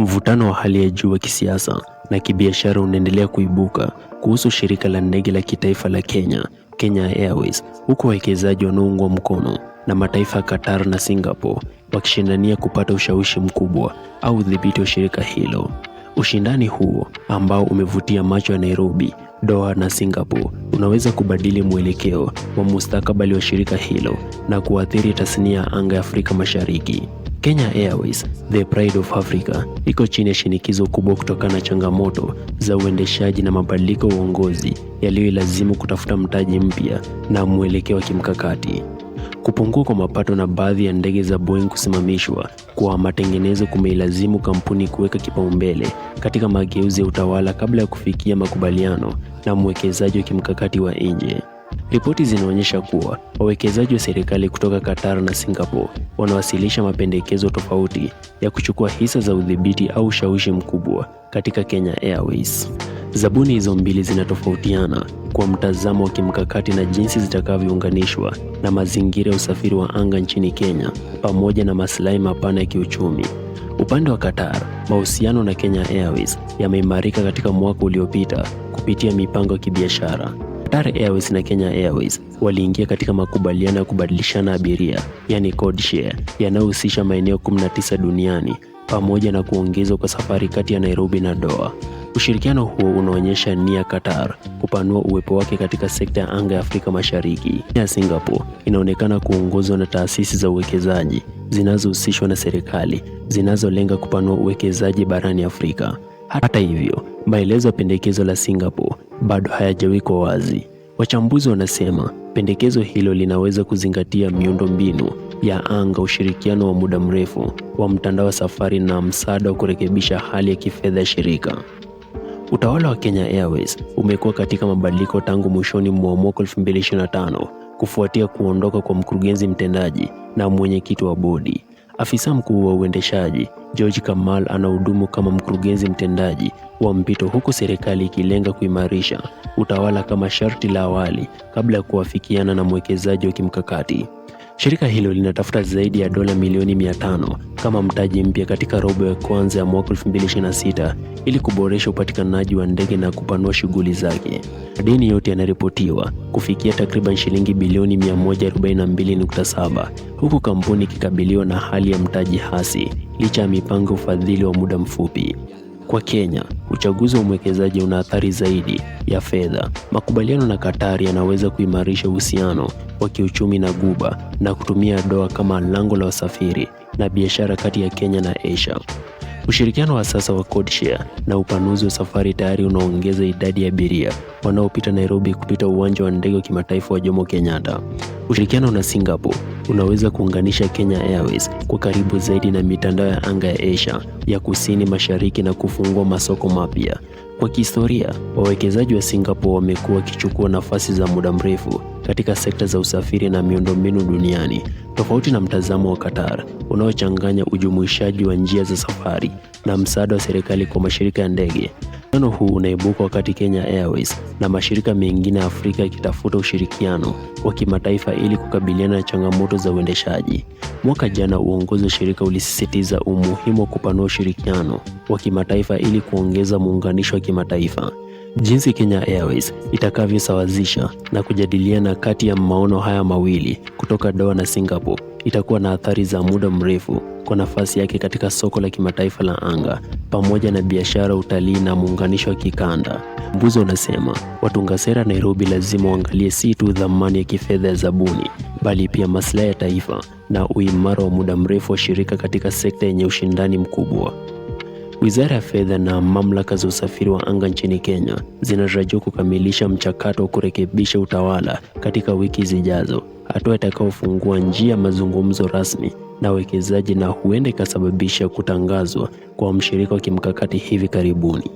Mvutano wa hali ya juu wa kisiasa na kibiashara unaendelea kuibuka kuhusu shirika la ndege la kitaifa la Kenya, Kenya Airways, huku wawekezaji wanaoungwa mkono na mataifa ya Qatar na Singapore wakishindania kupata ushawishi mkubwa au udhibiti wa shirika hilo. Ushindani huo ambao umevutia macho ya Nairobi, Doha na Singapore unaweza kubadili mwelekeo wa mustakabali wa shirika hilo na kuathiri tasnia ya anga ya Afrika Mashariki. Kenya Airways, the pride of Africa, iko chini ya shinikizo kubwa kutokana na changamoto za uendeshaji na mabadiliko ya uongozi yaliyoilazimu kutafuta mtaji mpya na mwelekeo wa kimkakati. Kupungua kwa mapato na baadhi ya ndege za Boeing kusimamishwa kwa matengenezo kumeilazimu kampuni kuweka kipaumbele katika mageuzi ya utawala kabla ya kufikia makubaliano na mwekezaji wa kimkakati wa nje. Ripoti zinaonyesha kuwa wawekezaji wa serikali kutoka Qatar na Singapore wanawasilisha mapendekezo tofauti ya kuchukua hisa za udhibiti au ushawishi mkubwa katika Kenya Airways. Zabuni hizo mbili zinatofautiana kwa mtazamo wa kimkakati na jinsi zitakavyounganishwa na mazingira ya usafiri wa anga nchini Kenya pamoja na maslahi mapana ya kiuchumi. Upande wa Qatar, mahusiano na Kenya Airways yameimarika katika mwaka uliopita kupitia mipango ya kibiashara Qatar Airways na Kenya Airways waliingia katika makubaliano ya kubadilishana abiria, yani code share, yanayohusisha maeneo 19 duniani pamoja na kuongezwa kwa safari kati ya Nairobi na Doha. Ushirikiano huo unaonyesha nia Qatar kupanua uwepo wake katika sekta ya anga ya Afrika Mashariki. Ya Singapore inaonekana kuongozwa na taasisi za uwekezaji zinazohusishwa na serikali zinazolenga kupanua uwekezaji barani Afrika. Hata hivyo, maelezo ya pendekezo la Singapore bado hayajawekwa wazi. Wachambuzi wanasema pendekezo hilo linaweza kuzingatia miundo mbinu ya anga, ushirikiano wa muda mrefu wa mtandao wa safari na msaada wa kurekebisha hali ya kifedha ya shirika. Utawala wa Kenya Airways umekuwa katika mabadiliko tangu mwishoni mwa mwaka 2025 kufuatia kuondoka kwa mkurugenzi mtendaji na mwenyekiti wa bodi. Afisa mkuu wa uendeshaji George Kamal anahudumu kama mkurugenzi mtendaji wa mpito, huku serikali ikilenga kuimarisha utawala kama sharti la awali kabla ya kuafikiana na mwekezaji wa kimkakati. Shirika hilo linatafuta zaidi ya dola milioni 500 kama mtaji mpya katika robo ya kwanza ya mwaka 2026 ili kuboresha upatikanaji wa ndege na kupanua shughuli zake. Madeni yote yanaripotiwa kufikia takriban shilingi bilioni 142.7 huku kampuni ikikabiliwa na hali ya mtaji hasi licha ya mipango ufadhili wa muda mfupi. Kwa Kenya, uchaguzi wa mwekezaji una athari zaidi ya fedha. Makubaliano na katari yanaweza kuimarisha uhusiano wa kiuchumi na guba na kutumia Doha kama lango la wasafiri na biashara kati ya Kenya na Asia. Ushirikiano wa sasa wa codeshare na upanuzi wa safari tayari unaongeza idadi ya abiria wanaopita Nairobi kupita uwanja wa ndege wa kimataifa wa Jomo Kenyatta. Ushirikiano na Singapore unaweza kuunganisha Kenya Airways kwa karibu zaidi na mitandao ya anga ya Asia ya Kusini Mashariki na kufungua masoko mapya. Kwa kihistoria, wawekezaji wa Singapore wamekuwa wakichukua nafasi za muda mrefu katika sekta za usafiri na miundombinu duniani, tofauti na mtazamo wa Qatar unaochanganya ujumuishaji wa njia za safari na msaada wa serikali kwa mashirika ya ndege. Mkutano huu unaibuka wakati Kenya Airways na mashirika mengine ya Afrika yakitafuta ushirikiano wa kimataifa ili kukabiliana na changamoto za uendeshaji. Mwaka jana, uongozi wa shirika ulisisitiza umuhimu wa kupanua ushirikiano wa kimataifa ili kuongeza muunganisho wa kimataifa jinsi Kenya Airways itakavyosawazisha na kujadiliana kati ya maono haya mawili kutoka Doha na Singapore itakuwa na athari za muda mrefu kwa nafasi yake katika soko la kimataifa la anga pamoja na biashara, utalii na muunganisho wa kikanda. Mbuzi unasema watunga sera Nairobi lazima waangalie si tu dhamani ya kifedha ya zabuni, bali pia maslahi ya taifa na uimara wa muda mrefu wa shirika katika sekta yenye ushindani mkubwa. Wizara ya Fedha na mamlaka za usafiri wa anga nchini Kenya zinatarajiwa kukamilisha mchakato wa kurekebisha utawala katika wiki zijazo, hatua itakayofungua njia mazungumzo rasmi na wawekezaji na huenda ikasababisha kutangazwa kwa mshirika wa kimkakati hivi karibuni.